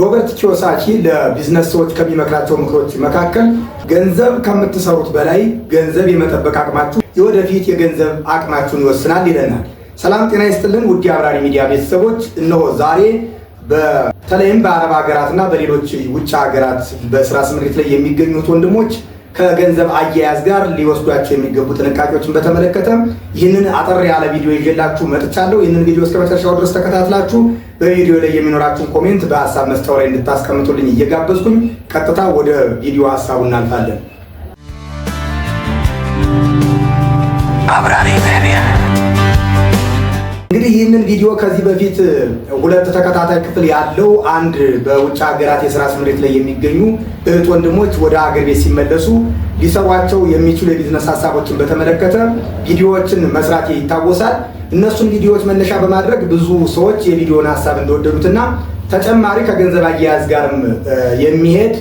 ሮበርት ኪዮሳኪ ለቢዝነስ ሰዎች ከሚመክራቸው ምክሮች መካከል ገንዘብ ከምትሰሩት በላይ ገንዘብ የመጠበቅ አቅማችሁ የወደፊት የገንዘብ አቅማችሁን ይወስናል ይለናል። ሰላም ጤና ይስጥልን ውድ አብራሪ ሚዲያ ቤተሰቦች፣ እነሆ ዛሬ በተለይም በአረብ ሀገራትና በሌሎች ውጭ ሀገራት በስራ ስምሪት ላይ የሚገኙት ወንድሞች ከገንዘብ አያያዝ ጋር ሊወስዷቸው የሚገቡ ጥንቃቄዎችን በተመለከተ ይህንን አጠር ያለ ቪዲዮ ይዤላችሁ መጥቻለሁ። ይህንን ቪዲዮ እስከ መጨረሻው ድረስ ተከታትላችሁ በቪዲዮ ላይ የሚኖራችሁን ኮሜንት በሀሳብ መስጫው ላይ እንድታስቀምጡልኝ እየጋበዝኩኝ ቀጥታ ወደ ቪዲዮ ሀሳቡ እናልፋለን። አብራሪ እንግዲህ ይህንን ቪዲዮ ከዚህ በፊት ሁለት ተከታታይ ክፍል ያለው አንድ በውጭ ሀገራት የስራ ስምሪት ላይ የሚገኙ እህት ወንድሞች ወደ ሀገር ቤት ሲመለሱ ሊሰሯቸው የሚችሉ የቢዝነስ ሀሳቦችን በተመለከተ ቪዲዮዎችን መስራት ይታወሳል። እነሱን ቪዲዮዎች መነሻ በማድረግ ብዙ ሰዎች የቪዲዮን ሀሳብ እንደወደዱትና ተጨማሪ ከገንዘብ አያያዝ ጋርም የሚሄድ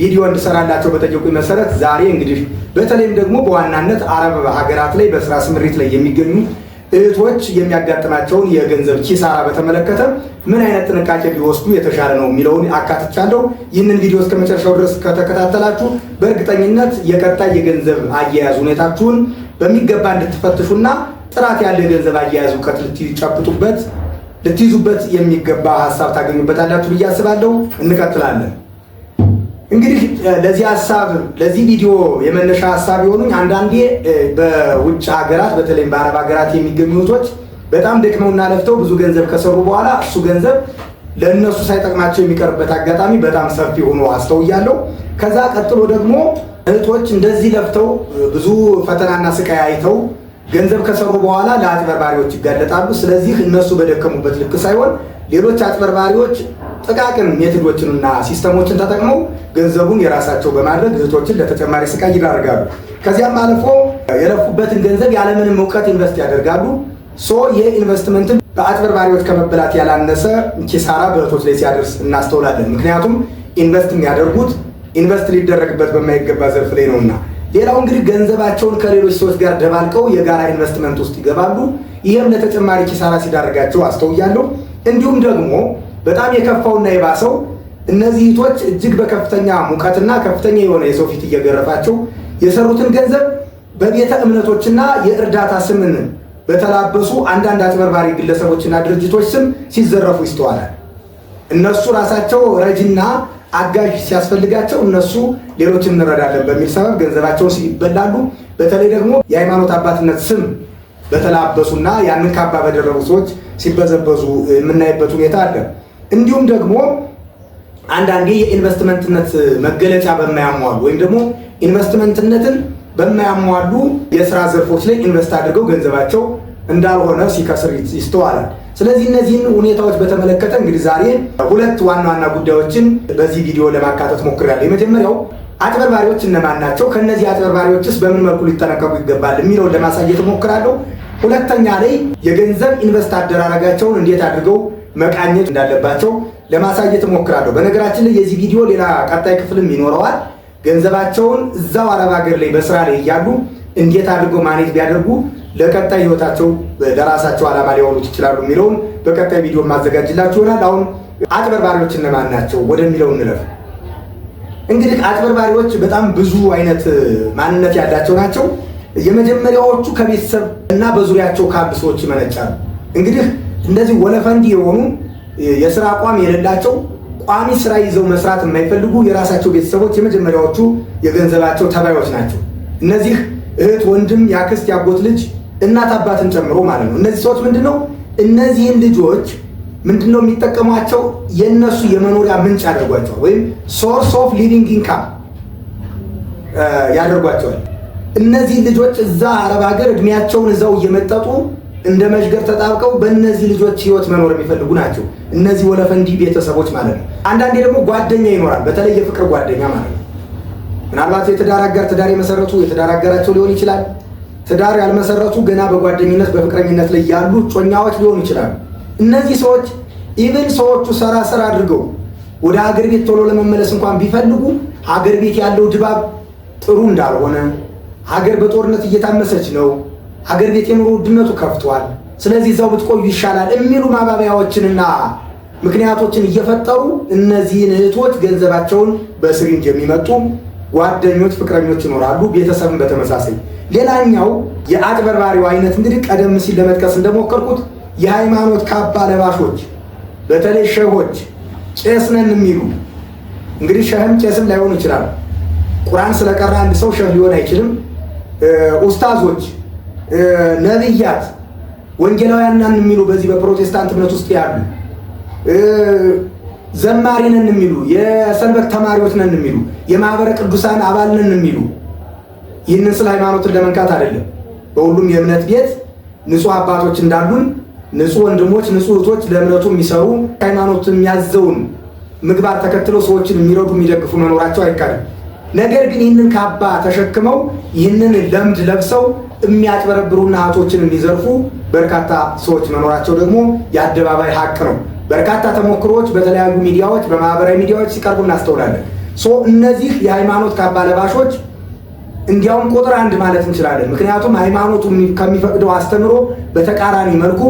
ቪዲዮ እንድሰራላቸው በጠየቁ መሰረት ዛሬ እንግዲህ በተለይም ደግሞ በዋናነት አረብ ሀገራት ላይ በስራ ስምሪት ላይ የሚገኙ እህቶች የሚያጋጥማቸውን የገንዘብ ኪሳራ በተመለከተ ምን አይነት ጥንቃቄ ቢወስዱ የተሻለ ነው የሚለውን አካትቻለሁ። ይህንን ቪዲዮ እስከ መጨረሻው ድረስ ከተከታተላችሁ በእርግጠኝነት የቀጣይ የገንዘብ አያያዝ ሁኔታችሁን በሚገባ እንድትፈትሹና ጥራት ያለ ገንዘብ አያያዝ እውቀት ልትጨብጡበት ልትይዙበት የሚገባ ሀሳብ ታገኙበታላችሁ ብዬ አስባለሁ። እንቀጥላለን። እንግዲህ ለዚህ ሀሳብ ለዚህ ቪዲዮ የመነሻ ሀሳብ የሆኑኝ አንዳንዴ በውጭ ሀገራት በተለይም በአረብ ሀገራት የሚገኙ እህቶች በጣም ደክመውና ለፍተው ብዙ ገንዘብ ከሰሩ በኋላ እሱ ገንዘብ ለእነሱ ሳይጠቅማቸው የሚቀርበት አጋጣሚ በጣም ሰፊ ሆኖ አስተውያለሁ። ከዛ ቀጥሎ ደግሞ እህቶች እንደዚህ ለፍተው ብዙ ፈተናና ስቃይ አይተው ገንዘብ ከሰሩ በኋላ ለአጭበርባሪዎች ይጋለጣሉ። ስለዚህ እነሱ በደከሙበት ልክ ሳይሆን ሌሎች አጭበርባሪዎች ጥቃቅን ሜትዶችንና ሲስተሞችን ተጠቅመው ገንዘቡን የራሳቸው በማድረግ እህቶችን ለተጨማሪ ስቃይ ይዳርጋሉ። ከዚያም አልፎ የለፉበትን ገንዘብ ያለምንም እውቀት ኢንቨስት ያደርጋሉ። ሶ ይህ ኢንቨስትመንትን በአጭበርባሪዎች ከመበላት ያላነሰ ኪሳራ በእህቶች ላይ ሲያደርስ እናስተውላለን። ምክንያቱም ኢንቨስት የሚያደርጉት ኢንቨስት ሊደረግበት በማይገባ ዘርፍ ላይ ነውና ሌላው እንግዲህ ገንዘባቸውን ከሌሎች ሰዎች ጋር ደባልቀው የጋራ ኢንቨስትመንት ውስጥ ይገባሉ። ይህም ለተጨማሪ ኪሳራ ሲዳርጋቸው አስተውያለሁ። እንዲሁም ደግሞ በጣም የከፋውና የባሰው እነዚህ እህቶች እጅግ በከፍተኛ ሙቀትና ከፍተኛ የሆነ የሰው ፊት እየገረፋቸው የሰሩትን ገንዘብ በቤተ እምነቶችና የእርዳታ ስምን በተላበሱ አንዳንድ አጭበርባሪ ግለሰቦችና ድርጅቶች ስም ሲዘረፉ ይስተዋላል። እነሱ ራሳቸው ረጅና አጋዥ ሲያስፈልጋቸው እነሱ ሌሎች እንረዳለን በሚል ሰበብ ገንዘባቸውን ይበላሉ። በተለይ ደግሞ የሃይማኖት አባትነት ስም በተላበሱና ያንን ካባ በደረቡ ሰዎች ሲበዘበዙ የምናይበት ሁኔታ አለ። እንዲሁም ደግሞ አንዳንዴ የኢንቨስትመንትነት መገለጫ በማያሟሉ ወይም ደግሞ ኢንቨስትመንትነትን በማያሟሉ የስራ ዘርፎች ላይ ኢንቨስት አድርገው ገንዘባቸው እንዳልሆነ ሲከስር ይስተዋላል። ስለዚህ እነዚህን ሁኔታዎች በተመለከተ እንግዲህ ዛሬ ሁለት ዋና ዋና ጉዳዮችን በዚህ ቪዲዮ ለማካተት ሞክሬያለሁ። የመጀመሪያው አጭበርባሪዎች እነማን ናቸው፣ ከእነዚህ አጭበርባሪዎችስ በምን መልኩ ሊጠነቀቁ ይገባል የሚለውን ለማሳየት ሞክራለሁ። ሁለተኛ ላይ የገንዘብ ኢንቨስት አደራረጋቸውን እንዴት አድርገው መቃኘት እንዳለባቸው ለማሳየት ሞክራለሁ። በነገራችን ላይ የዚህ ቪዲዮ ሌላ ቀጣይ ክፍልም ይኖረዋል። ገንዘባቸውን እዛው አረብ ሀገር ላይ በስራ ላይ እያሉ እንዴት አድርገው ማኔት ቢያደርጉ ለቀጣይ ህይወታቸው ለራሳቸው ዓላማ ሊሆኑት ይችላሉ የሚለውን በቀጣይ ቪዲዮ ማዘጋጅላችሁ ይሆናል። አሁን አጭበርባሪዎች እነማን ናቸው ወደሚለው እንለፍ። እንግዲህ አጭበርባሪዎች በጣም ብዙ አይነት ማንነት ያላቸው ናቸው። የመጀመሪያዎቹ ከቤተሰብ እና በዙሪያቸው ካሉ ሰዎች ይመነጫሉ። እንግዲህ እነዚህ ወለፈንድ የሆኑ የስራ አቋም የሌላቸው ቋሚ ስራ ይዘው መስራት የማይፈልጉ የራሳቸው ቤተሰቦች የመጀመሪያዎቹ የገንዘባቸው ተባዮች ናቸው። እነዚህ እህት፣ ወንድም፣ ያክስት፣ ያጎት ልጅ እናት አባትን ጨምሮ ማለት ነው። እነዚህ ሰዎች ምንድነው እነዚህን ልጆች ምንድነው የሚጠቀሟቸው የእነሱ የመኖሪያ ምንጭ ያደርጓቸዋል፣ ወይም ሶርስ ኦፍ ሊቪንግ ኢንካም ያደርጓቸዋል። እነዚህ ልጆች እዛ አረብ ሀገር እድሜያቸውን እዛው እየመጠጡ እንደ መዥገር ተጣብቀው በእነዚህ ልጆች ህይወት መኖር የሚፈልጉ ናቸው። እነዚህ ወለፈንዲ ቤተሰቦች ማለት ነው። አንዳንዴ ደግሞ ጓደኛ ይኖራል፣ በተለይ የፍቅር ጓደኛ ማለት ነው። ምናልባት የትዳር አጋር ትዳር የመሰረቱ የትዳር አጋራቸው ሊሆን ይችላል ትዳር ያልመሰረቱ ገና በጓደኝነት በፍቅረኝነት ላይ ያሉ ጮኛዎች ሊሆኑ ይችላሉ። እነዚህ ሰዎች ኢቭን ሰዎቹ ሰራ ሰራ አድርገው ወደ ሀገር ቤት ቶሎ ለመመለስ እንኳን ቢፈልጉ ሀገር ቤት ያለው ድባብ ጥሩ እንዳልሆነ፣ ሀገር በጦርነት እየታመሰች ነው፣ ሀገር ቤት የኑሮ ውድነቱ ከፍቷል፣ ስለዚህ እዛው ብትቆዩ ይሻላል የሚሉ ማባቢያዎችንና ምክንያቶችን እየፈጠሩ እነዚህን እህቶች ገንዘባቸውን በስሪንጅ የሚመጡ ጓደኞች፣ ፍቅረኞች ይኖራሉ። ቤተሰብን በተመሳሳይ ሌላኛው የአጭበርባሪው አይነት እንግዲህ ቀደም ሲል ለመጥቀስ እንደሞከርኩት የሃይማኖት ካባ ለባሾች በተለይ ሸሆች፣ ቄስ ነን የሚሉ እንግዲህ ሸህም ቄስም ላይሆኑ ይችላል። ቁርአን ስለቀራ አንድ ሰው ሸህ ሊሆን አይችልም። ኡስታዞች፣ ነቢያት፣ ወንጌላውያን ነን የሚሉ በዚህ በፕሮቴስታንት እምነት ውስጥ ያሉ ዘማሪ ነን የሚሉ የሰንበት ተማሪዎች ነን የሚሉ የማህበረ ቅዱሳን አባል ነን የሚሉ ይህንን ስለ ሃይማኖትን ለመንካት አይደለም። በሁሉም የእምነት ቤት ንጹሕ አባቶች እንዳሉን ንጹህ ወንድሞች፣ ንጹሕ እህቶች ለእምነቱ የሚሰሩ ሃይማኖት የሚያዘውን ምግባር ተከትለው ሰዎችን የሚረዱ የሚደግፉ መኖራቸው አይቀርም። ነገር ግን ይህንን ካባ ተሸክመው ይህንን ለምድ ለብሰው የሚያጭበረብሩና እህቶችን የሚዘርፉ በርካታ ሰዎች መኖራቸው ደግሞ የአደባባይ ሀቅ ነው። በርካታ ተሞክሮዎች በተለያዩ ሚዲያዎች፣ በማህበራዊ ሚዲያዎች ሲቀርቡ እናስተውላለን። እነዚህ የሃይማኖት ካባ ለባሾች እንዲያውም ቁጥር አንድ ማለት እንችላለን። ምክንያቱም ሃይማኖቱ ከሚፈቅደው አስተምሮ በተቃራኒ መልኩ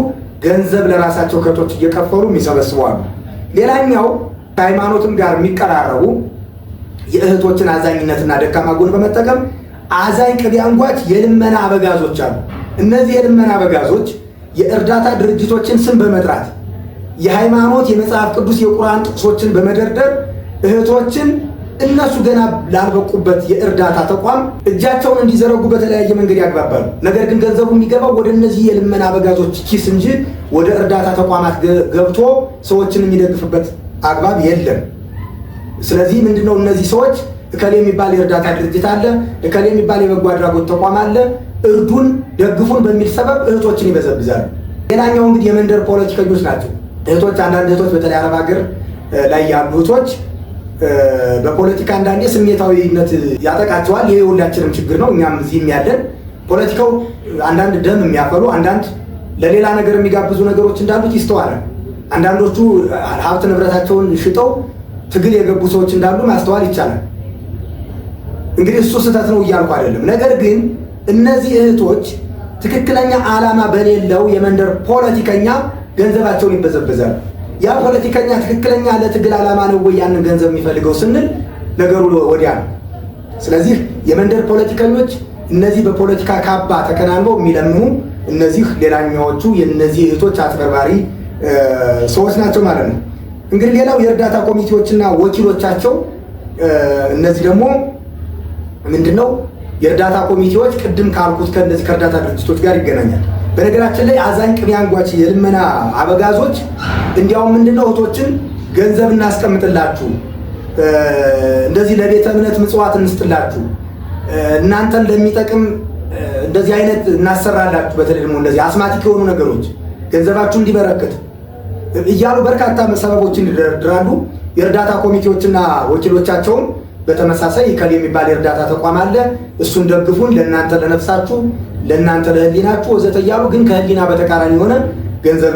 ገንዘብ ለራሳቸው ከቶች እየከፈሉ ይሰበስባሉ። ሌላኛው ከሃይማኖትም ጋር የሚቀራረቡ የእህቶችን አዛኝነትና ደካማ ጎን በመጠቀም አዛኝ ቅቤ አንጓች የልመና አበጋዞች አሉ። እነዚህ የልመና አበጋዞች የእርዳታ ድርጅቶችን ስም በመጥራት የሃይማኖት የመጽሐፍ ቅዱስ የቁርአን ጥቅሶችን በመደርደር እህቶችን እነሱ ገና ላልበቁበት የእርዳታ ተቋም እጃቸውን እንዲዘረጉ በተለያየ መንገድ ያግባባሉ። ነገር ግን ገንዘቡ የሚገባው ወደ እነዚህ የልመና አበጋዞች ኪስ እንጂ ወደ እርዳታ ተቋማት ገብቶ ሰዎችን የሚደግፍበት አግባብ የለም። ስለዚህ ምንድነው እነዚህ ሰዎች እከሌ የሚባል የእርዳታ ድርጅት አለ፣ እከሌ የሚባል የበጎ አድራጎት ተቋም አለ፣ እርዱን፣ ደግፉን በሚል ሰበብ እህቶችን ይበዘብዛሉ። ሌላኛው እንግዲህ የመንደር ፖለቲከኞች ናቸው። እህቶች አንዳንድ እህቶች በተለይ አረብ ሀገር ላይ ያሉ እህቶች በፖለቲካ አንዳንዴ ስሜታዊነት ያጠቃቸዋል። ይህ የሁላችንም ችግር ነው። እኛም እዚህም ያለን ፖለቲካው አንዳንድ ደም የሚያፈሉ አንዳንድ ለሌላ ነገር የሚጋብዙ ነገሮች እንዳሉት ይስተዋላል። አንዳንዶቹ ሀብት ንብረታቸውን ሽጠው ትግል የገቡ ሰዎች እንዳሉ ማስተዋል ይቻላል። እንግዲህ እሱ ስህተት ነው እያልኩ አይደለም። ነገር ግን እነዚህ እህቶች ትክክለኛ ዓላማ በሌለው የመንደር ፖለቲከኛ ገንዘባቸውን ይበዘበዛሉ። ያ ፖለቲከኛ ትክክለኛ ለትግል ዓላማ ነው ወይ ያንን ገንዘብ የሚፈልገው ስንል ነገሩ ወዲያ ነው። ስለዚህ የመንደር ፖለቲከኞች እነዚህ በፖለቲካ ካባ ተከናንበው የሚለምኑ እነዚህ ሌላኛዎቹ የነዚህ እህቶች አጭበርባሪ ሰዎች ናቸው ማለት ነው። እንግዲህ ሌላው የእርዳታ ኮሚቴዎችና ወኪሎቻቸው እነዚህ ደግሞ ምንድን ነው የእርዳታ ኮሚቴዎች ቅድም ካልኩት ከእነዚህ ከእርዳታ ድርጅቶች ጋር ይገናኛል። በነገራችን ላይ አዛኝ ቅቤ አንጓች የልመና አበጋዞች እንዲያውም ምንድነው እህቶችን ገንዘብ እናስቀምጥላችሁ፣ እንደዚህ ለቤተ እምነት ምጽዋት እንስጥላችሁ፣ እናንተን ለሚጠቅም እንደዚህ አይነት እናሰራላችሁ፣ በተለይ ደግሞ እንደዚህ አስማቲክ የሆኑ ነገሮች ገንዘባችሁ እንዲበረክት እያሉ በርካታ ሰበቦችን ይደረድራሉ። የእርዳታ ኮሚቴዎችና ወኪሎቻቸውም በተመሳሳይ ከል የሚባል የእርዳታ ተቋም አለ እሱን ደግፉን፣ ለእናንተ ለነፍሳችሁ፣ ለእናንተ ለህሊናችሁ ወዘተ እያሉ ግን ከህሊና በተቃራኒ የሆነ ገንዘብ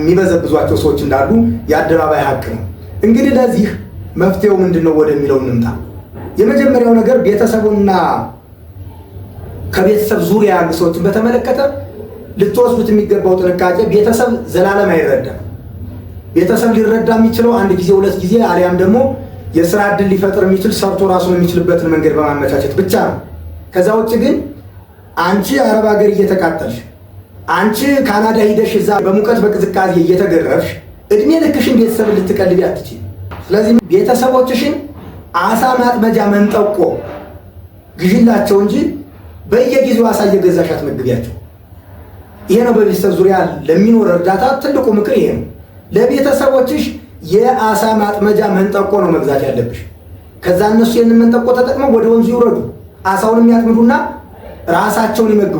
የሚበዘብዟቸው ሰዎች እንዳሉ የአደባባይ ሀቅ ነው። እንግዲህ ለዚህ መፍትሄው ምንድን ነው ወደሚለው እንምጣ። የመጀመሪያው ነገር ቤተሰቡና ከቤተሰብ ዙሪያ ያሉ ሰዎችን በተመለከተ ልትወስዱት የሚገባው ጥንቃቄ፣ ቤተሰብ ዘላለም አይረዳም። ቤተሰብ ሊረዳ የሚችለው አንድ ጊዜ ሁለት ጊዜ አሊያም ደግሞ የስራ እድል ሊፈጥር የሚችል ሰርቶ ራሱን የሚችልበትን መንገድ በማመቻቸት ብቻ ነው። ከዛ ውጭ ግን አንቺ አረብ ሀገር እየተቃጠልሽ አንቺ ካናዳ ሂደሽ እዛ በሙቀት በቅዝቃዜ እየተገረፍሽ እድሜ ልክሽን ቤተሰብ ልትቀልቢ አትችል። ስለዚህ ቤተሰቦችሽን አሳ ማጥመጃ መንጠቆ ግዥላቸው እንጂ በየጊዜው አሳ እየገዛሽ አትመግቢያቸው። ይሄ ነው በቤተሰብ ዙሪያ ለሚኖር እርዳታ ትልቁ ምክር ይሄ ነው። ለቤተሰቦችሽ የአሳ ማጥመጃ መንጠቆ ነው መግዛት ያለብሽ። ከዛ እነሱ ይህንን መንጠቆ ተጠቅመው ወደ ወንዙ ይውረዱ። አሳውን የሚያጥምዱና ራሳቸውን ይመግቡ።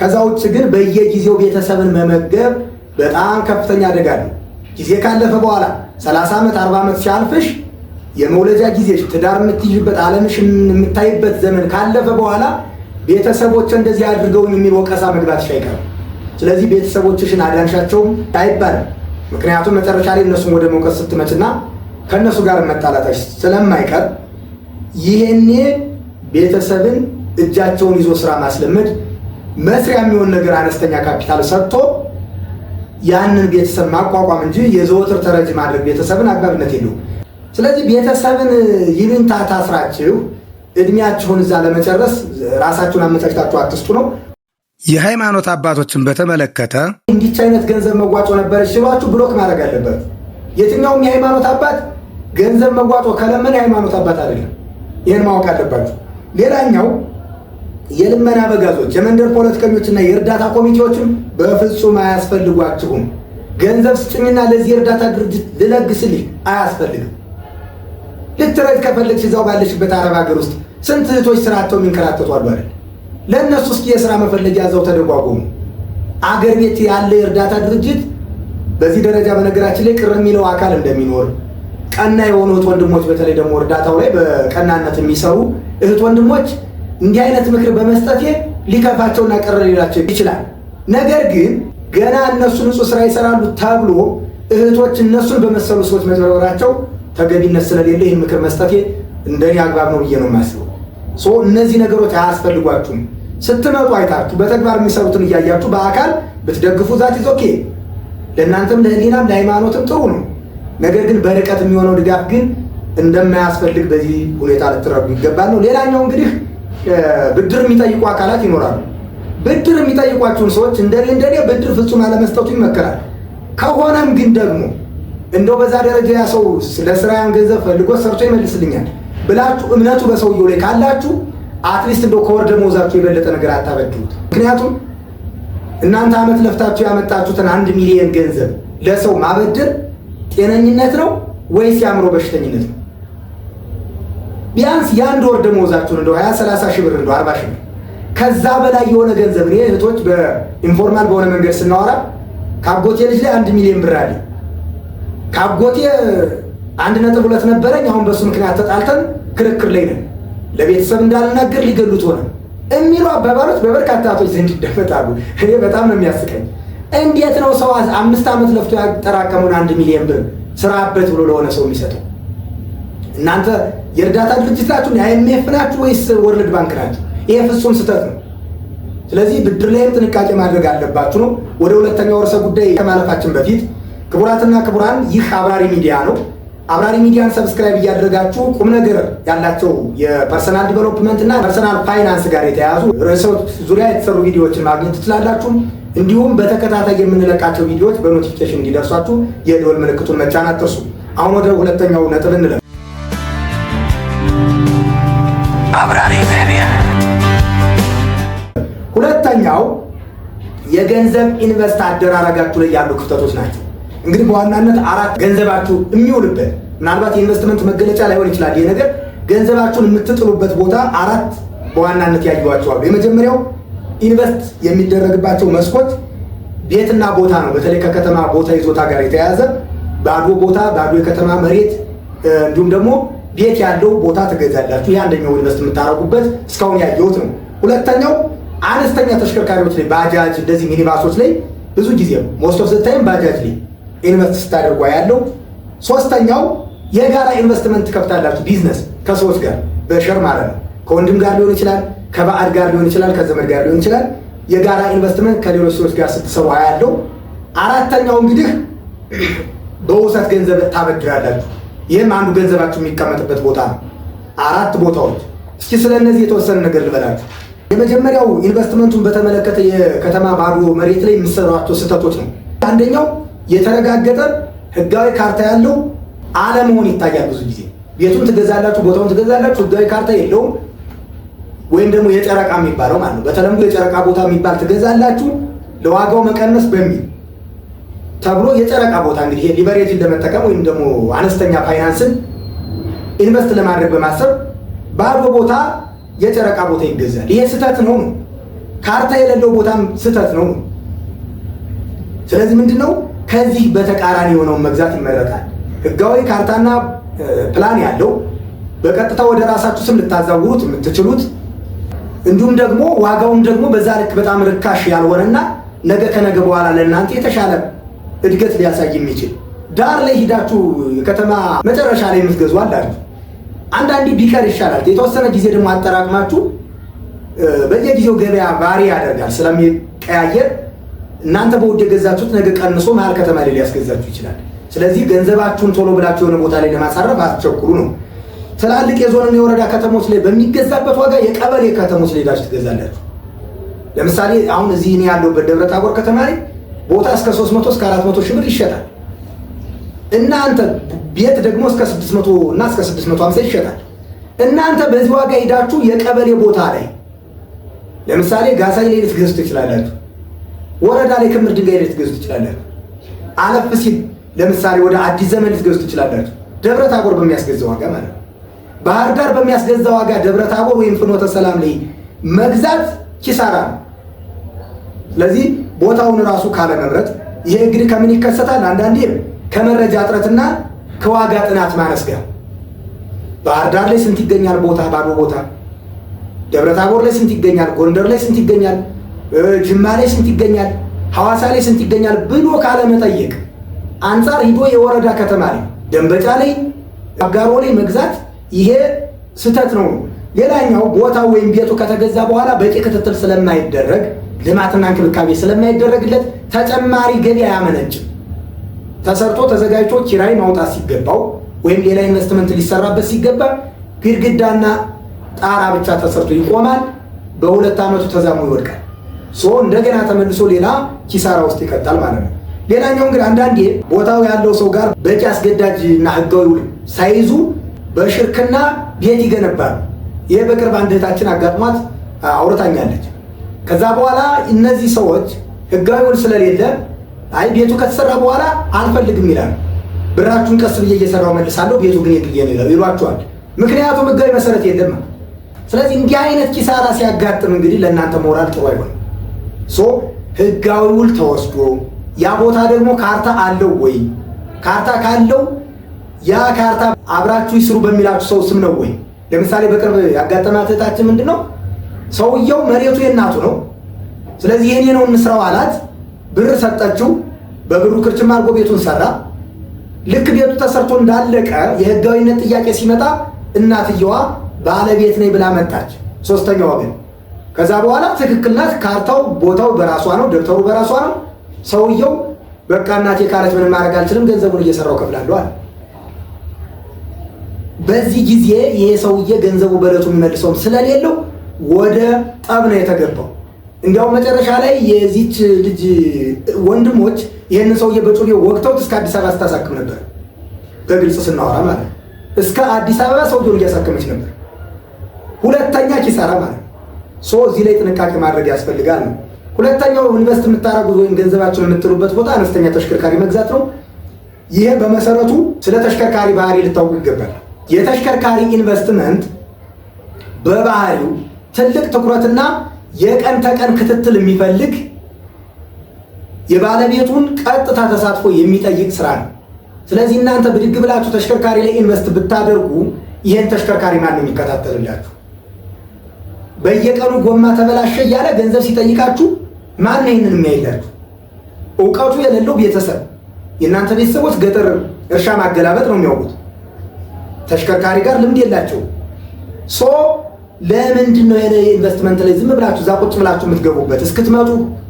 ከዛ ውጭ ግን በየጊዜው ቤተሰብን መመገብ በጣም ከፍተኛ አደጋ ነው። ጊዜ ካለፈ በኋላ 30 ዓመት 40 ዓመት ሲያልፍሽ የመውለጃ ጊዜሽ ትዳር የምትይዥበት ዓለምሽ የምታይበት ዘመን ካለፈ በኋላ ቤተሰቦች እንደዚህ አድርገው የሚል ወቀሳ መግባትሽ አይቀርም። ስለዚህ ቤተሰቦችሽን አዳንሻቸውም አይባልም። ምክንያቱም መጨረሻ ላይ እነሱን ወደ መውቀስ ስትመጭና ከእነሱ ጋር መጣላታች ስለማይቀር ይሄኔ ቤተሰብን እጃቸውን ይዞ ስራ ማስለመድ መስሪያ የሚሆን ነገር አነስተኛ ካፒታል ሰጥቶ ያንን ቤተሰብ ማቋቋም እንጂ የዘወትር ተረጅ ማድረግ ቤተሰብን አግባብነት የለው። ስለዚህ ቤተሰብን ይሉኝታ ታስራችሁ እድሜያችሁን እዛ ለመጨረስ ራሳችሁን አመቻችታችሁ አትስጡ ነው። የሃይማኖት አባቶችን በተመለከተ እንዲች አይነት ገንዘብ መጓጮ ነበረች ሲሏችሁ ብሎክ ማድረግ አለበት። የትኛውም የሃይማኖት አባት ገንዘብ መጓጮ ከለመን የሃይማኖት አባት አይደለም። ይህን ማወቅ አለባችሁ። ሌላኛው የልመና አበጋዞች፣ የመንደር ፖለቲከኞችና የእርዳታ ኮሚቴዎችም በፍጹም አያስፈልጓችሁም። ገንዘብ ስጭኝና ለዚህ የእርዳታ ድርጅት ልለግስልኝ አያስፈልግም። ልትረድ ከፈለግሽ እዛው ባለሽበት አረብ ሀገር ውስጥ ስንት እህቶች ስራ አጥተው የሚንከራተቱ አሉ አይደል? ለእነሱ እስኪ የስራ መፈለጊያ እዛው ተደጓጎሙ። አገር ቤት ያለ የእርዳታ ድርጅት በዚህ ደረጃ በነገራችን ላይ ቅር የሚለው አካል እንደሚኖር ቀና የሆኑ እህት ወንድሞች፣ በተለይ ደግሞ እርዳታው ላይ በቀናነት የሚሰሩ እህት ወንድሞች እንዲህ አይነት ምክር በመስጠቴ ሊከፋቸውና ቅር ሊላቸው ይችላል። ነገር ግን ገና እነሱ ንጹህ ስራ ይሰራሉ ተብሎ እህቶች እነሱን በመሰሉ ሰዎች መጭበርበራቸው ተገቢነት ስለሌለ ይህን ምክር መስጠቴ እንደኔ አግባብ ነው ብዬ ነው የማስበው። እነዚህ ነገሮች አያስፈልጓችሁም። ስትመጡ አይታችሁ በተግባር የሚሰሩትን እያያችሁ በአካል ብትደግፉ ዛት ይዞኬ ለእናንተም ለህሊናም ለሃይማኖትም ጥሩ ነው። ነገር ግን በርቀት የሚሆነው ድጋፍ ግን እንደማያስፈልግ በዚህ ሁኔታ ልትረዱ ይገባል ነው። ሌላኛው እንግዲህ ብድር የሚጠይቁ አካላት ይኖራሉ። ብድር የሚጠይቋቸውን ሰዎች እንደኔ እንደኔ ብድር ፍጹም አለመስጠቱ ይመከራል። ከሆነም ግን ደግሞ እንደው በዛ ደረጃ ያ ሰው ገንዘብ ፈልጎ ሰርቶ ይመልስልኛል ብላችሁ እምነቱ በሰውየው ላይ ካላችሁ አትሊስት እንደው ከወር ደመወዛችሁ የበለጠ ነገር አታበድሩት። ምክንያቱም እናንተ አመት ለፍታችሁ ያመጣችሁትን አንድ ሚሊየን ገንዘብ ለሰው ማበደር ጤነኝነት ነው ወይስ የአእምሮ በሽተኝነት ነው? ቢያንስ የአንድ ወር ደመወዛችሁን እንደው ሀያ ሰላሳ ሺህ ብር እንደው አርባ ሺህ ብር ከዛ በላይ የሆነ ገንዘብ እኔ እህቶች በኢንፎርማል በሆነ መንገድ ስናወራ ከአጎቴ ልጅ ላይ አንድ ሚሊዮን ብር አለ። ከአጎቴ አንድ ነጥብ ሁለት ነበረኝ። አሁን በሱ ምክንያት ተጣልተን ክርክር ላይ ነን። ለቤተሰብ እንዳልናገር ሊገሉት ሆነ የሚሉ አባባሎች በበርካታ እህቶች ዘንድ ይደመጣሉ። እኔ በጣም ነው የሚያስቀኝ። እንዴት ነው ሰው አምስት ዓመት ለፍቶ ያጠራቀሙን አንድ ሚሊዮን ብር ስራበት ብሎ ለሆነ ሰው የሚሰጠው? እናንተ የእርዳታ ድርጅት ናችሁ? አይኤምኤፍ ናችሁ? ወይስ ወርልድ ባንክ ናችሁ? ይሄ ፍጹም ስህተት ነው። ስለዚህ ብድር ላይም ጥንቃቄ ማድረግ አለባችሁ ነው። ወደ ሁለተኛው ርዕሰ ጉዳይ ከማለፋችን በፊት ክቡራትና ክቡራን ይህ አብራሪ ሚዲያ ነው። አብራሪ ሚዲያን ሰብስክራይብ እያደረጋችሁ ቁም ነገር ያላቸው የፐርሰናል ዲቨሎፕመንት እና ፐርሰናል ፋይናንስ ጋር የተያያዙ ርዕሶች ዙሪያ የተሰሩ ቪዲዮዎችን ማግኘት ትችላላችሁ። እንዲሁም በተከታታይ የምንለቃቸው ቪዲዮዎች በኖቲፊኬሽን እንዲደርሷችሁ የደወል ምልክቱን መጫን አትርሱ። አሁን ወደ ሁለተኛው ነጥብ እንለም። ሁለተኛው የገንዘብ ኢንቨስት አደራረጋችሁ ላይ ያሉ ክፍተቶች ናቸው። እንግዲህ በዋናነት አራት ገንዘባችሁ የሚውልበት ምናልባት የኢንቨስትመንት መገለጫ ላይሆን ይችላል ይህ ነገር ገንዘባችሁን የምትጥሉበት ቦታ አራት በዋናነት ያዩዋቸዋሉ። የመጀመሪያው ኢንቨስት የሚደረግባቸው መስኮት ቤትና ቦታ ነው። በተለይ ከከተማ ቦታ ይዞታ ጋር የተያያዘ ባዶ ቦታ፣ ባዶ የከተማ መሬት እንዲሁም ደግሞ ቤት ያለው ቦታ ትገዛላችሁ። የአንደኛው ኢንቨስት የምታደርጉበት እስካሁን ያየሁት ነው። ሁለተኛው አነስተኛ ተሽከርካሪዎች ላይ ባጃጅ፣ እንደዚህ ሚኒባሶች ላይ ብዙ ጊዜ ሞስት ኦፍ ዘ ባጃጅ ላይ ኢንቨስት ስታደርጓ ያለው። ሶስተኛው የጋራ ኢንቨስትመንት ትከፍታላችሁ ቢዝነስ ከሰዎች ጋር በሸር ማለት ነው። ከወንድም ጋር ሊሆን ይችላል ከባዕድ ጋር ሊሆን ይችላል፣ ከዘመድ ጋር ሊሆን ይችላል። የጋራ ኢንቨስትመንት ከሌሎች ሰዎች ጋር ስትሰሩ ያለው። አራተኛው እንግዲህ በውሰት ገንዘብ ታበድራላችሁ። ይህም አንዱ ገንዘባችሁ የሚቀመጥበት ቦታ ነው። አራት ቦታዎች። እስኪ ስለ እነዚህ የተወሰነ ነገር ልበላችሁ። የመጀመሪያው ኢንቨስትመንቱን በተመለከተ የከተማ ባዶ መሬት ላይ የሚሰሯቸው ስህተቶች ነው። አንደኛው የተረጋገጠ ህጋዊ ካርታ ያለው አለመሆን ይታያል። ብዙ ጊዜ ቤቱን ትገዛላችሁ፣ ቦታውን ትገዛላችሁ፣ ህጋዊ ካርታ የለውም ወይም ደግሞ የጨረቃ የሚባለው ማለት ነው። በተለምዶ የጨረቃ ቦታ የሚባል ትገዛላችሁ ለዋጋው መቀነስ በሚል ተብሎ የጨረቃ ቦታ እንግዲህ ሊቨሬጅን ለመጠቀም ወይም ደግሞ አነስተኛ ፋይናንስን ኢንቨስት ለማድረግ በማሰብ ባዶ ቦታ የጨረቃ ቦታ ይገዛል። ይሄ ስህተት ነው ነው ካርታ የሌለው ቦታም ስህተት ነው ነው። ስለዚህ ምንድን ነው ከዚህ በተቃራኒ የሆነውን መግዛት ይመረጣል። ህጋዊ ካርታና ፕላን ያለው በቀጥታ ወደ ራሳችሁ ስም ልታዛውሩት የምትችሉት እንዲሁም ደግሞ ዋጋውም ደግሞ በዛ ልክ በጣም ርካሽ ያልሆነና ነገ ከነገ በኋላ ለእናንተ የተሻለ እድገት ሊያሳይ የሚችል ዳር ላይ ሂዳችሁ ከተማ መጨረሻ ላይ የምትገዙ አላችሁ። አንዳንዴ ቢቀር ይሻላል። የተወሰነ ጊዜ ደግሞ አጠራቅማችሁ በየጊዜው ገበያ ባሪ ያደርጋል ስለሚቀያየር እናንተ በውድ የገዛችሁት ነገ ቀንሶ መሀል ከተማ ላይ ሊያስገዛችሁ ይችላል። ስለዚህ ገንዘባችሁን ቶሎ ብላችሁ የሆነ ቦታ ላይ ለማሳረፍ አስቸኩሩ ነው። ትላልቅ የዞንና የወረዳ ከተሞች ላይ በሚገዛበት ዋጋ የቀበሌ ከተሞች ላይ ሄዳችሁ ትገዛላችሁ። ለምሳሌ አሁን እዚህ እኔ ያለሁበት ደብረ ታቦር ከተማ ላይ ቦታ እስከ 300 እስከ 400 ሺህ ብር ይሸጣል። እናንተ ቤት ደግሞ እስከ 600 እና እስከ 650 ይሸጣል። እናንተ በዚህ ዋጋ ሄዳችሁ የቀበሌ ቦታ ላይ ለምሳሌ ጋሳይ ላይ ልትገዙ ትችላላችሁ። ወረዳ ላይ ክምር ድንጋይ ላይ ልትገዙ ትችላላችሁ። አለፍ ሲል ለምሳሌ ወደ አዲስ ዘመን ልትገዙ ትችላላችሁ። ደብረ ታቦር በሚያስገዛ ዋጋ ማለት ነው። ባህር ዳር በሚያስገዛ ዋጋ ደብረ ታቦር ወይም ፍኖተ ሰላም ላይ መግዛት ኪሳራ ነው። ስለዚህ ቦታውን ራሱ ካለመምረጥ ይሄ እንግዲህ ከምን ይከሰታል? አንዳንዴም ከመረጃ እጥረትና ከዋጋ ጥናት ማነስ ጋር ባህር ዳር ላይ ስንት ይገኛል ቦታ ባዶ ቦታ፣ ደብረ ታቦር ላይ ስንት ይገኛል፣ ጎንደር ላይ ስንት ይገኛል፣ ጅማ ላይ ስንት ይገኛል፣ ሐዋሳ ላይ ስንት ይገኛል ብሎ ካለመጠየቅ አንጻር ሂዶ የወረዳ ከተማ ላይ ደንበጫ ላይ አጋሮ ላይ መግዛት ይሄ ስህተት ነው። ሌላኛው ቦታው ወይም ቤቱ ከተገዛ በኋላ በቂ ክትትል ስለማይደረግ ልማትና እንክብካቤ ስለማይደረግለት ተጨማሪ ገቢ አያመነጭም። ተሰርቶ ተዘጋጅቶ ኪራይ ማውጣት ሲገባው ወይም ሌላ ኢንቨስትመንት ሊሰራበት ሲገባ ግድግዳና ጣራ ብቻ ተሰርቶ ይቆማል። በሁለት ዓመቱ ተዛሙ ይወድቃል። ሶ እንደገና ተመልሶ ሌላ ኪሳራ ውስጥ ይቀጣል ማለት ነው። ሌላኛው እንግዲህ አንዳንዴ ቦታው ያለው ሰው ጋር በቂ አስገዳጅና ህጋዊ ውል ሳይዙ በሽርክና ቤት ይገነባል። ይህ በቅርብ አንድታችን አጋጥሟት አውርታኛለች። ከዛ በኋላ እነዚህ ሰዎች ህጋዊ ውል ስለሌለ አይ ቤቱ ከተሰራ በኋላ አልፈልግም ይላል። ብራችሁን ቀስ ብዬ እየሰራው መልሳለሁ፣ ቤቱ ግን የግዬ ነው ይሏቸዋል። ምክንያቱም ህጋዊ መሰረት የለም። ስለዚህ እንዲህ አይነት ኪሳራ ሲያጋጥም እንግዲህ ለእናንተ ሞራል ጥሩ አይሆንም። ሶ ህጋዊ ውል ተወስዶ ያ ቦታ ደግሞ ካርታ አለው ወይ ካርታ ካለው ያ ካርታ አብራችሁ ይስሩ በሚላችሁ ሰው ስም ነው ወይ? ለምሳሌ በቅርብ ያጋጠማት እህታችን ምንድን ነው ሰውየው መሬቱ የእናቱ ነው። ስለዚህ የኔ ነው እንስራው አላት። ብር ሰጠችው። በብሩ ክርችም አድርጎ ቤቱን ሰራ። ልክ ቤቱ ተሰርቶ እንዳለቀ የህጋዊነት ጥያቄ ሲመጣ እናትየዋ ባለቤት ነኝ ብላ መጣች፣ ሶስተኛ ወገን። ከዛ በኋላ ትክክል ናት። ካርታው ቦታው በራሷ ነው፣ ደብተሩ በራሷ ነው። ሰውየው በቃ እናቴ ካለች ምንም ማድረግ አልችልም፣ ገንዘቡን እየሰራው ከፍላለዋል። በዚህ ጊዜ ይሄ ሰውዬ ገንዘቡ በዕለቱ የሚመልሰውም ስለሌለው ወደ ጠብ ነው የተገባው። እንዲያው መጨረሻ ላይ የዚች ልጅ ወንድሞች ይህንን ሰውዬ በጩቤ ወቅተውት እስከ አዲስ አበባ ስታሳክም ነበር። በግልጽ ስናወራ ማለት ነው። እስከ አዲስ አበባ ሰውዬውን እያሳከመች ነበር። ሁለተኛ ኪሳራ ማለት ነው። ሶ እዚህ ላይ ጥንቃቄ ማድረግ ያስፈልጋል ነው። ሁለተኛው ኢንቨስት የምታደርጉት ወይም ገንዘባችሁን የምትሉበት ቦታ አነስተኛ ተሽከርካሪ መግዛት ነው። ይሄ በመሰረቱ ስለ ተሽከርካሪ ባህሪ ልታውቁ ይገባል። የተሽከርካሪ ኢንቨስትመንት በባህሪው ትልቅ ትኩረትና የቀን ተቀን ክትትል የሚፈልግ የባለቤቱን ቀጥታ ተሳትፎ የሚጠይቅ ስራ ነው። ስለዚህ እናንተ ብድግ ብላችሁ ተሽከርካሪ ላይ ኢንቨስት ብታደርጉ ይህን ተሽከርካሪ ማን ነው የሚከታተልላችሁ? በየቀኑ ጎማ ተበላሸ እያለ ገንዘብ ሲጠይቃችሁ ማን ነው ይህንን የሚያይላችሁ? እውቀቱ የሌለው ቤተሰብ የእናንተ ቤተሰቦች ገጠር እርሻ ማገላበጥ ነው የሚያውቁት። ተሽከርካሪ ጋር ልምድ የላቸው ሶ ለምንድን ነው የኔ ኢንቨስትመንት ላይ ዝም ብላችሁ እዛ ቁጭ ብላችሁ የምትገቡበት? እስክትመጡ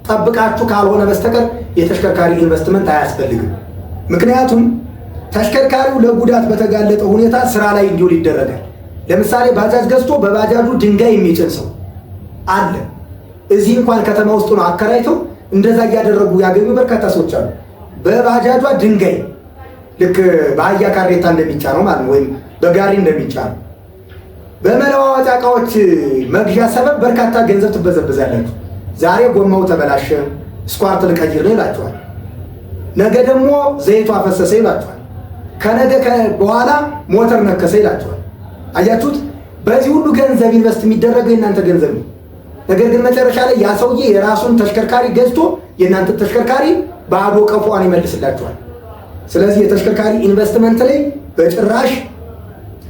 ጠብቃችሁ ካልሆነ በስተቀር የተሽከርካሪ ኢንቨስትመንት አያስፈልግም። ምክንያቱም ተሽከርካሪው ለጉዳት በተጋለጠ ሁኔታ ስራ ላይ እንዲውል ይደረጋል። ለምሳሌ ባጃጅ ገዝቶ በባጃጁ ድንጋይ የሚጭን ሰው አለ። እዚህ እንኳን ከተማ ውስጥ ነው አከራይተው እንደዛ እያደረጉ ያገኙ በርካታ ሰዎች አሉ። በባጃጇ ድንጋይ ልክ በአህያ ካሬታ እንደሚጫነው ማለት ነው ወይም በጋሪ እንደሚጫኑ በመለዋወጫ እቃዎች መግዣ ሰበብ በርካታ ገንዘብ ትበዘብዛለች። ዛሬ ጎማው ተበላሸ ስኳርት ልቀይር ነው ነገ ደግሞ ዘይቱ አፈሰሰ ይላቸዋል። ከነገ በኋላ ሞተር ነከሰ ይላቸዋል። አያችሁት? በዚህ ሁሉ ገንዘብ ኢንቨስት የሚደረገው የእናንተ ገንዘብ ነው። ነገር ግን መጨረሻ ላይ ያ ሰውዬ የራሱን ተሽከርካሪ ገዝቶ የእናንተ ተሽከርካሪ በአቦ ቀፏን ይመልስላችኋል። ስለዚህ የተሽከርካሪ ኢንቨስትመንት ላይ በጭራሽ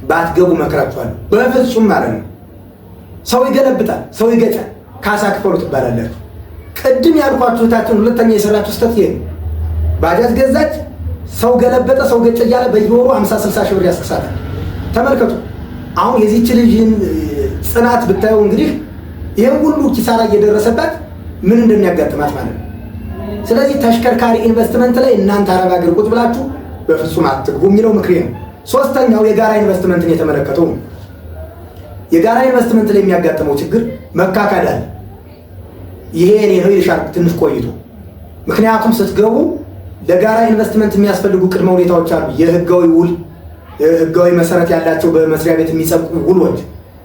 ባትገቡ መክራችኋል። በፍጹም ማለት ነው። ሰው ይገለብጣል፣ ሰው ይገጫል። ካሳ ክፈሉ ትባላላችሁ። ቅድም ያልኳችሁ እህታችን ሁለተኛ የሰራችሁ ስህተት ይሄ ነው። ባጃጅ ገዛች፣ ሰው ገለበጠ፣ ሰው ገጨ እያለ በየወሩ ሀምሳ ስልሳ ሺህ ብር ያስከሳታል። ተመልከቱ አሁን የዚች ልጅ ጽናት ብታየው እንግዲህ ይህም ሁሉ ኪሳራ እየደረሰባት ምን እንደሚያጋጥማት ማለት ነው። ስለዚህ ተሽከርካሪ ኢንቨስትመንት ላይ እናንተ አረብ አገር ቁጭ ብላችሁ በፍጹም አትግቡ የሚለው ምክሬ ነው። ሶስተኛው የጋራ ኢንቨስትመንትን የተመለከተው ነው። የጋራ ኢንቨስትመንት ላይ የሚያጋጥመው ችግር መካካድ አለ። ይሄ እኔ ነው ይልሻል ትንሽ ቆይቶ። ምክንያቱም ስትገቡ ለጋራ ኢንቨስትመንት የሚያስፈልጉ ቅድመ ሁኔታዎች አሉ። የህጋዊ ውል፣ ህጋዊ መሰረት ያላቸው በመስሪያ ቤት የሚጸድቁ ውሎች፣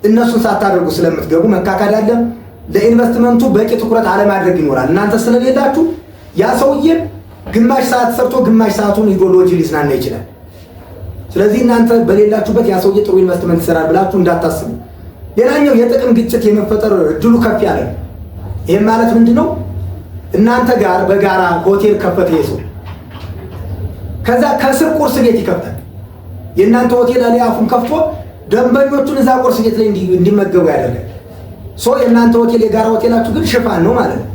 እነሱን ሳታደርጉ ስለምትገቡ መካካድ አለ። ለኢንቨስትመንቱ በቂ ትኩረት አለማድረግ ይኖራል። እናንተ ስለሌላችሁ ያ ሰውዬ ግማሽ ሰዓት ሰርቶ ግማሽ ሰዓቱን ሂዶ ሊዝናና ይችላል። ስለዚህ እናንተ በሌላችሁበት ያ ሰውዬ ጥሩ ኢንቨስትመንት ይሰራል ብላችሁ እንዳታስቡ። ሌላኛው የጥቅም ግጭት የመፈጠር እድሉ ከፍ ያለ ይህም ማለት ምንድን ነው? እናንተ ጋር በጋራ ሆቴል ከፈተ ሰው ከዛ ከስር ቁርስ ቤት ይከፍታል። የእናንተ ሆቴል ላይ አፉን ከፍቶ ደንበኞቹን እዛ ቁርስ ቤት ላይ እንዲመገቡ ያደርጋል። ሶ የእናንተ ሆቴል የጋራ ሆቴላችሁ ግን ሽፋን ነው ማለት ነው።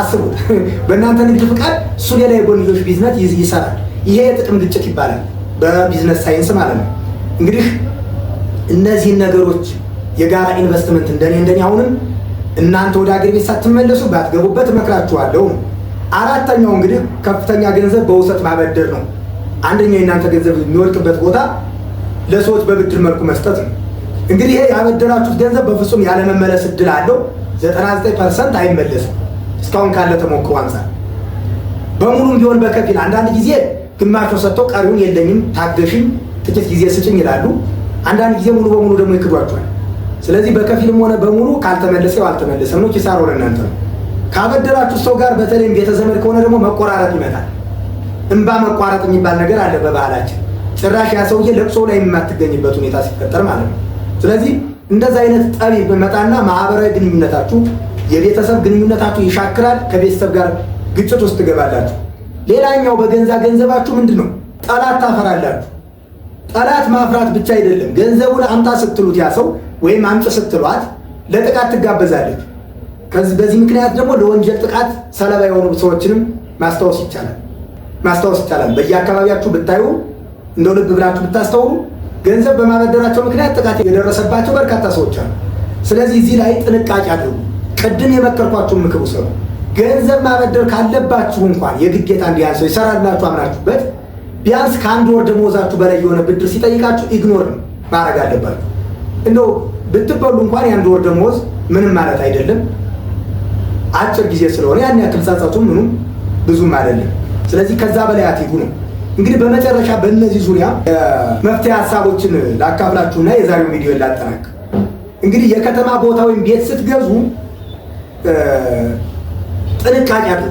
አስቡት። በእናንተ ንግድ ፍቃድ እሱ ሌላ የጎንዮሽ ቢዝነስ ይሰራል። ይሄ የጥቅም ግጭት ይባላል። በቢዝነስ ሳይንስ ማለት ነው። እንግዲህ እነዚህን ነገሮች የጋራ ኢንቨስትመንት እንደኔ እንደኔ አሁንም እናንተ ወደ አገር ቤት ሳትመለሱ ባትገቡበት እመክራችኋለሁ። አራተኛው እንግዲህ ከፍተኛ ገንዘብ በውሰት ማበደር ነው። አንደኛው የእናንተ ገንዘብ የሚወድቅበት ቦታ ለሰዎች በብድር መልኩ መስጠት ነው። እንግዲህ ይሄ ያበደራችሁት ገንዘብ በፍጹም ያለመመለስ እድል አለው። 99 ፐርሰንት አይመለስም እስካሁን ካለ ተሞክሮ አንጻር በሙሉም ቢሆን በከፊል አንዳንድ ጊዜ ግማሹን ሰጥተው ቀሪውን የለኝም ታገሽኝ፣ ጥቂት ጊዜ ስጭኝ ይላሉ። አንዳንድ ጊዜ ሙሉ በሙሉ ደግሞ ይክዷቸዋል። ስለዚህ በከፊልም ሆነ በሙሉ ካልተመለሰ አልተመለሰም ነው፣ ኪሳሮ ለእናንተ ነው። ካበደራችሁ ሰው ጋር በተለይም ቤተዘመድ ከሆነ ደግሞ መቆራረጥ ይመጣል። እንባ መቋረጥ የሚባል ነገር አለ በባህላችን። ጭራሽ ያ ሰውዬ ለቅሶ ላይ የማትገኝበት ሁኔታ ሲፈጠር ማለት ነው። ስለዚህ እንደዚህ አይነት ጠቢ በመጣና ማህበራዊ ግንኙነታችሁ፣ የቤተሰብ ግንኙነታችሁ ይሻክራል። ከቤተሰብ ጋር ግጭት ውስጥ ትገባላችሁ። ሌላኛው በገንዛ ገንዘባችሁ ምንድን ነው? ጠላት ታፈራላችሁ። ጠላት ማፍራት ብቻ አይደለም። ገንዘቡን አምጣ ስትሉት ያ ሰው ወይም አምጭ ስትሏት ለጥቃት ትጋበዛለች። በዚህ ምክንያት ደግሞ ለወንጀል ጥቃት ሰለባ የሆኑ ሰዎችንም ማስታወስ ይቻላል ማስታወስ ይቻላል። በየአካባቢያችሁ ብታዩ እንደው ልብ ብላችሁ ብታስተውሉ ገንዘብ በማበደራቸው ምክንያት ጥቃት የደረሰባቸው በርካታ ሰዎች አሉ። ስለዚህ እዚህ ላይ ጥንቃቄ አድርጉ። ቅድም የመከርኳችሁን ምክሩ ስሩ። ገንዘብ ማበደር ካለባችሁ እንኳን የግዴታ እንዲህ ይሰራላችሁ አምናችሁበት ቢያንስ ከአንድ ወር ደመወዛችሁ በላይ የሆነ ብድር ሲጠይቃችሁ ኢግኖር ማድረግ አለባችሁ። እንደው ብትበሉ እንኳን የአንድ ወር ደመወዝ ምንም ማለት አይደለም። አጭር ጊዜ ስለሆነ ያን ያክል ጻጻቱ ምኑም ብዙም አይደለም። ስለዚህ ከዛ በላይ አትሂዱ ነው። እንግዲህ በመጨረሻ በእነዚህ ዙሪያ መፍትሄ ሀሳቦችን ላካፍላችሁና የዛሬው ቪዲዮ ላጠናቅ። እንግዲህ የከተማ ቦታ ወይም ቤት ስትገዙ ጥንቃቄ አለ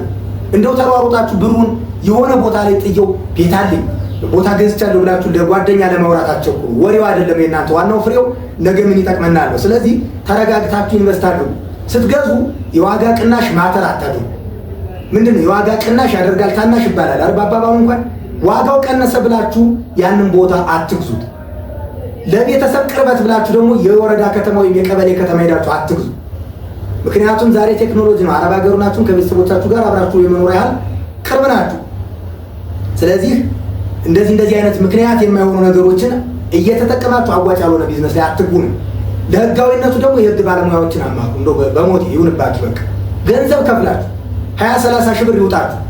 እንደው ተሯሩጣችሁ ብሩን የሆነ ቦታ ላይ ጥየው ቤት አለኝ ቦታ ገዝቻለሁ ብላችሁ ለጓደኛ ለማውራታቸው ወሬው አይደለም የእናንተ ዋናው ፍሬው ነገ ምን ይጠቅመናል ስለዚህ ተረጋግታችሁ ኢንቨስት ስትገዙ የዋጋ ቅናሽ ማተር አታዱ። ምንድነው የዋጋ ቅናሽ ያደርጋል ታናሽ ይባላል አይደል? እንኳን ዋጋው ቀነሰ ብላችሁ ያንን ቦታ አትግዙት። ለቤተሰብ ቅርበት ብላችሁ ደግሞ የወረዳ ከተማ ወይም የቀበሌ ከተማ ሄዳችሁ አትግዙ። ምክንያቱም ዛሬ ቴክኖሎጂ ነው። አረብ ሀገሩ ናችሁ፣ ከቤተሰቦቻችሁ ጋር አብራችሁ የመኖር ያህል ቅርብ ናችሁ። ስለዚህ እንደዚህ እንደዚህ አይነት ምክንያት የማይሆኑ ነገሮችን እየተጠቀማችሁ አዋጭ ያልሆነ ቢዝነስ ላይ አትጉን። ለህጋዊነቱ ደግሞ የህግ ባለሙያዎችን አማሩ። እንደው በሞት ይሁንባችሁ፣ በቃ ገንዘብ ከፍላችሁ ሀያ ሰላሳ ሺህ ብር ይውጣችሁ፣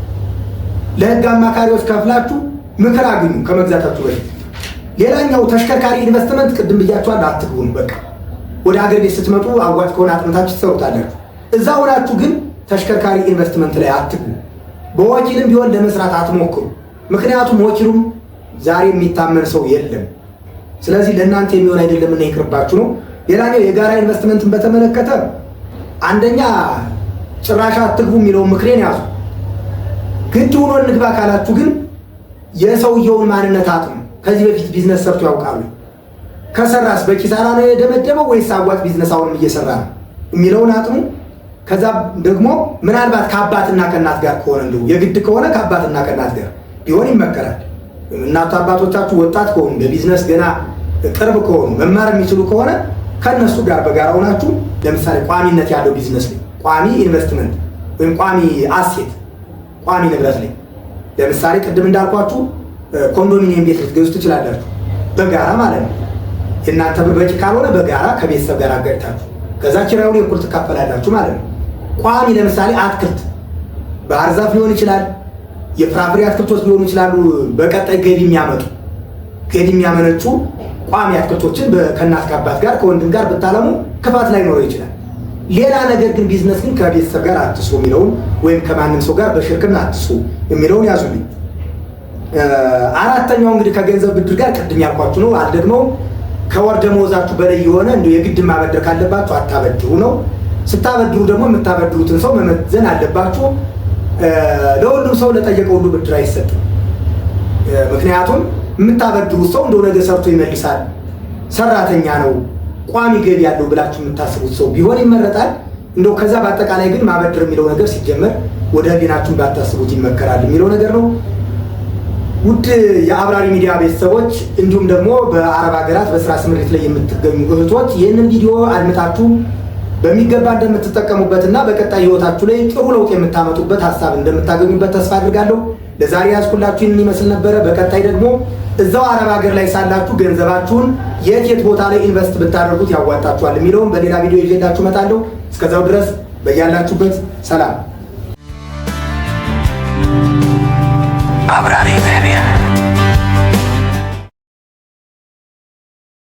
ለህግ አማካሪዎች ከፍላችሁ ምክር አግኙ ከመግዛታችሁ በፊት። ሌላኛው ተሽከርካሪ ኢንቨስትመንት ቅድም ብያችኋል፣ አትግቡን በቃ ወደ አገር ቤት ስትመጡ አዋጭ ከሆነ አጥንታችሁ ትሰሩታለን። እዛ ሆናችሁ ግን ተሽከርካሪ ኢንቨስትመንት ላይ አትግቡ። በወኪልም ቢሆን ለመስራት አትሞክሩ። ምክንያቱም ወኪሉም ዛሬ የሚታመን ሰው የለም። ስለዚህ ለእናንተ የሚሆን አይደለም እና ይቅርባችሁ ነው። ሌላኛው የጋራ ኢንቨስትመንትን በተመለከተ አንደኛ ጭራሽ አትግቡ የሚለውን ምክሬን ያዙ። ግድ ሆኖ እንግባ ካላችሁ ግን የሰውየውን ማንነት አጥኑ። ከዚህ በፊት ቢዝነስ ሰርቶ ያውቃሉ ከሰራስ በኪሳራ ነው የደመደመው ወይስ አዋጭ ቢዝነስ አሁንም እየሰራ ነው የሚለውን አጥኑ። ከዛ ደግሞ ምናልባት ከአባትና ከእናት ጋር ከሆነ እንዲሁ የግድ ከሆነ ከአባትና ከእናት ጋር ቢሆን ይመከራል። እናቱ አባቶቻችሁ ወጣት ከሆኑ ለቢዝነስ ገና ቅርብ ከሆኑ መማር የሚችሉ ከሆነ ከእነሱ ጋር በጋራ ሆናችሁ ለምሳሌ ቋሚነት ያለው ቢዝነስ ላይ ቋሚ ኢንቨስትመንት ወይም ቋሚ አሴት ቋሚ ንብረት ላይ ለምሳሌ ቅድም እንዳልኳችሁ ኮንዶሚኒየም ቤት ልትገዙ ትችላላችሁ በጋራ ማለት ነው። እናንተ ብር በቂ ካልሆነ በጋራ ከቤተሰብ ጋር አጋጭታችሁ ከዛ ኪራዩን እኩል ትካፈላላችሁ ማለት ነው። ቋሚ ለምሳሌ አትክልት ባህር ዛፍ ሊሆን ይችላል፣ የፍራፍሬ አትክልቶች ሊሆኑ ይችላሉ። በቀጣይ ገቢ የሚያመጡ ገቢ የሚያመነጩ ቋሚ አትክልቶችን ከእናት ከአባት ጋር ከወንድም ጋር ብታለሙ ክፋት ላይኖረው ይችላል። ሌላ ነገር ግን ቢዝነስ ግን ከቤተሰብ ጋር አትስሩ የሚለውን ወይም ከማንም ሰው ጋር በሽርክና አትስሩ የሚለውን ያዙልኝ። አራተኛው እንግዲህ ከገንዘብ ብድር ጋር ቅድም ያልኳችሁ ነው አልደግመው ከወር ደመወዛችሁ በላይ የሆነ እንዲያው የግድ ማበደር ካለባችሁ አታበድሩ ነው። ስታበድሩ ደግሞ የምታበድሩትን ሰው መመዘን አለባችሁ። ለሁሉም ሰው ለጠየቀ ሁሉ ብድር አይሰጥም። ምክንያቱም የምታበድሩት ሰው እንደው ነገ ሰርቶ ይመልሳል፣ ሰራተኛ ነው፣ ቋሚ ገቢ ያለው ብላችሁ የምታስቡት ሰው ቢሆን ይመረጣል። እንደው ከዛ በአጠቃላይ ግን ማበድር የሚለው ነገር ሲጀመር ወደ ህሊናችሁን ባታስቡት ይመከራል የሚለው ነገር ነው። ውድ የአብራሪ ሚዲያ ቤተሰቦች እንዲሁም ደግሞ በአረብ ሀገራት በስራ ስምሪት ላይ የምትገኙ እህቶች ይህንን ቪዲዮ አድምጣችሁ በሚገባ እንደምትጠቀሙበት እና በቀጣይ ህይወታችሁ ላይ ጥሩ ለውጥ የምታመጡበት ሀሳብ እንደምታገኙበት ተስፋ አድርጋለሁ። ለዛሬ ያዝኩላችሁ ይህንን ይመስል ነበረ። በቀጣይ ደግሞ እዛው አረብ ሀገር ላይ ሳላችሁ ገንዘባችሁን የት የት ቦታ ላይ ኢንቨስት ብታደርጉት ያዋጣችኋል የሚለውን በሌላ ቪዲዮ ይዤላችሁ እመጣለሁ። እስከዛው ድረስ በያላችሁበት ሰላም habrá Iberia.